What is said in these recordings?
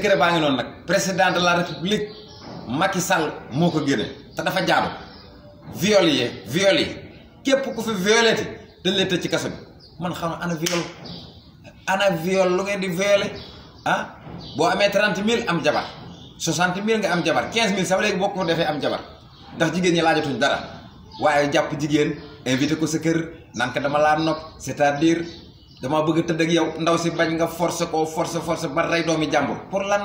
décret baa ngi noonu nag président de la république Macky sal moo ko génne te dafa jaadu viol yi viol képp ku fi violeeti da lay ci kaso bi man xam ana viol ana viol lu ngeen di violé ah boo amee trent mille am jabar soixante mille nga am jabar quinze mille sama léegi boo ko defee am jabar ndax jigéen ñi laajatuñ dara waaye jàpp jigéen invité ko sa kër naan dama laa nopp c'est-à-dire damaa bëgg tëdd ak yow ndaw si bañ nga force koo force force ba rey doomi jàmbur pour lan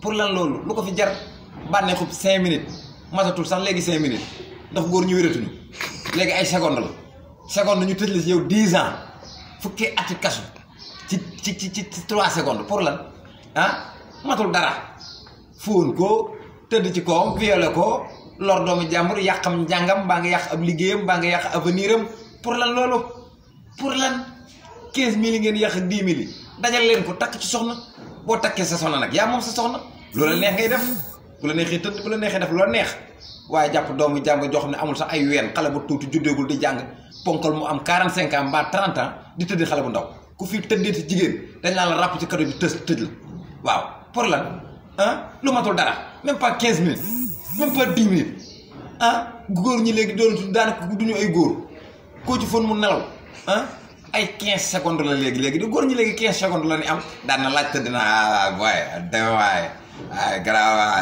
pour lan loolu lu ko fi jar bànneexub cinq minutes masatul sax léegi cinq minutes ndax góor ñu wératuñu léegi ay seconde la seconde ñu tëj la si yow dix ans fukki ati kasu ci ci ci ci trois secondes pour lan ah matul dara fóon ko tëdd ci kawam violé ko lor doomu jàmbur yàqam njàngam baa ngi yàq ab liggéeyam baa ngi yàq avenir am pour lan loolu pour lan quinze mille ngeen yàq ak dix mille yi dajal leen ko takk ci soxna boo takkee sa soxna nag yaa moom sa soxna loola neex ngay def bu la neexee tëdd bu la neexee def loola neex waaye jàpp doomu jàng joo ne amul sax ay ween xale bu tuuti juddeegul di jàng ponkal mu am 45 ans mbaa 30 ans di tëddee xale bu ndaw ku fi tëddee ci dañ laa la ràpp ci kado bi tës tëj la waaw pour lan ah lu dara même pas 15 minutes même pas 10 minutes ah? góor ñi léegi doon daanaka du ñu ay góor koo ci fon mu nelaw ah ay 15 secondes la léegi léegi du góor ñi léegi 15 secondes la ni am daan na laajte dina ah waaye dama waaye ah garaaw ah,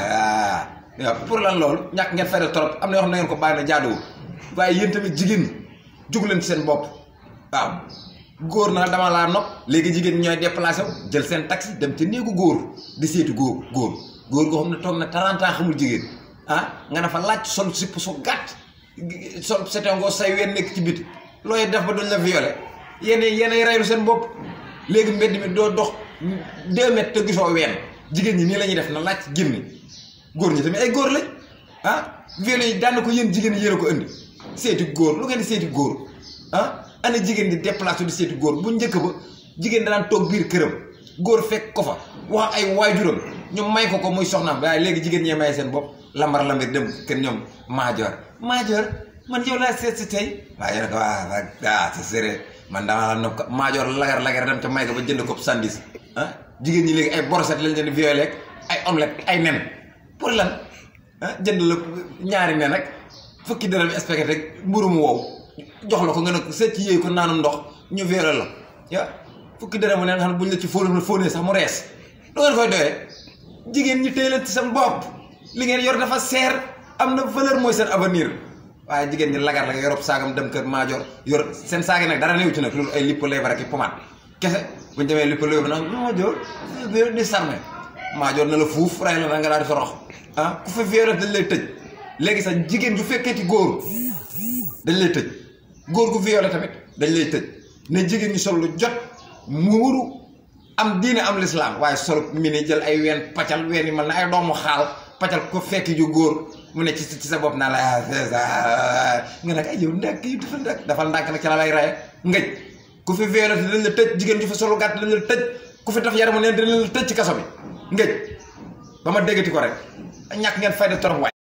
ah. pour lan loolu ñàkk ngeen fere trop am na yoo xam ne ngeen ko bàyyi na jaadoo waaye yéen tamit jigéen ñi jug seen bopp waaw góor na dama laa nopp léegi jigéen ñi ñooy déplacé jël seen taxi dem ci néegu góor di seeti góor góor góor goo xam ne toog na 30 xamul jigéen ah nga ne laaj sol sipp su gàtt sol setengoo say ween nekk ci def ba duñ la yéen yéenay reylu seen bopp léegi mbedd mi doo dox deux mètres te gisoo jigéen ñi nii lañuy def na laaj génn góor ñi tamit ay góor lañ ah vélo yi daan na ko yéen jigéen ñi yéen a ko indi seeti góor lu ngeen seeti góor ah ana jigéen di déplacé di seeti góor bu njëkk ba jigéen danaan toog biir këram góor fekk ko fa wax ay waay waajuram ñu may ko ko muy soxnaam waaye léegi jigéen ñee maye seen bopp lambar lambar dem kenn ñoom maajoor maajoor man yow laa seet si tey waaye yow waa ah c'est man damaa la ko maa joor lagar lagar dem ca may ga ba jënd ko sandis ah jigéen ñi léegi ay borset lañ leen di ay omelette ay nen pour lan ah, jënd la ñaari nen rek fukki dara bi expecté rek mburu mu wow jox la ko nga ne ko seet ci yéey ko naanum ndox ñu violé la yow fukki dara mu ne nga xam ne buñ la ci fóonee na fóonee sax mu rees lu ngeen koy doyee jigéen ñi téye leen ci seen bopp li ngeen yor dafa seer am na valeur mooy seen avenir waaye jigéen ñi lagar la yorob saagam dem kër maajoor yor seen saagi nag dara néew ci nag loolu ay lipp leebar ak i pomaat kese buñu demee lipp leebar nag maajoor di sarme maajoor na la fuuf ray la na nga daal di sorox ah fa dañ lay tëj léegi sax jigéen ju fekkeeti góor dañ lay tëj góor gu violé tamit dañ lay tëj ne jigéen ñi sol lu jot muuru am diine am lislaam waaye sol mi ni jël ay ween pacal ween yi mal na ay doomu xaal pàccal ko fekk ju góor mu ne ci ci sa bopp naa la ah, nga nag ay yow ndànk yi dafa ndànk dafa ndànk nag ci la lay raye ngëj ku fi veela ti dañ la tëj jigéen ju fa solu gàtt dañ la tëj ku fi daf yaramu neen dañ la tëj ci kaso bi ngëj ba ma déggati ko rek ñàkk ngeen fay def trop waay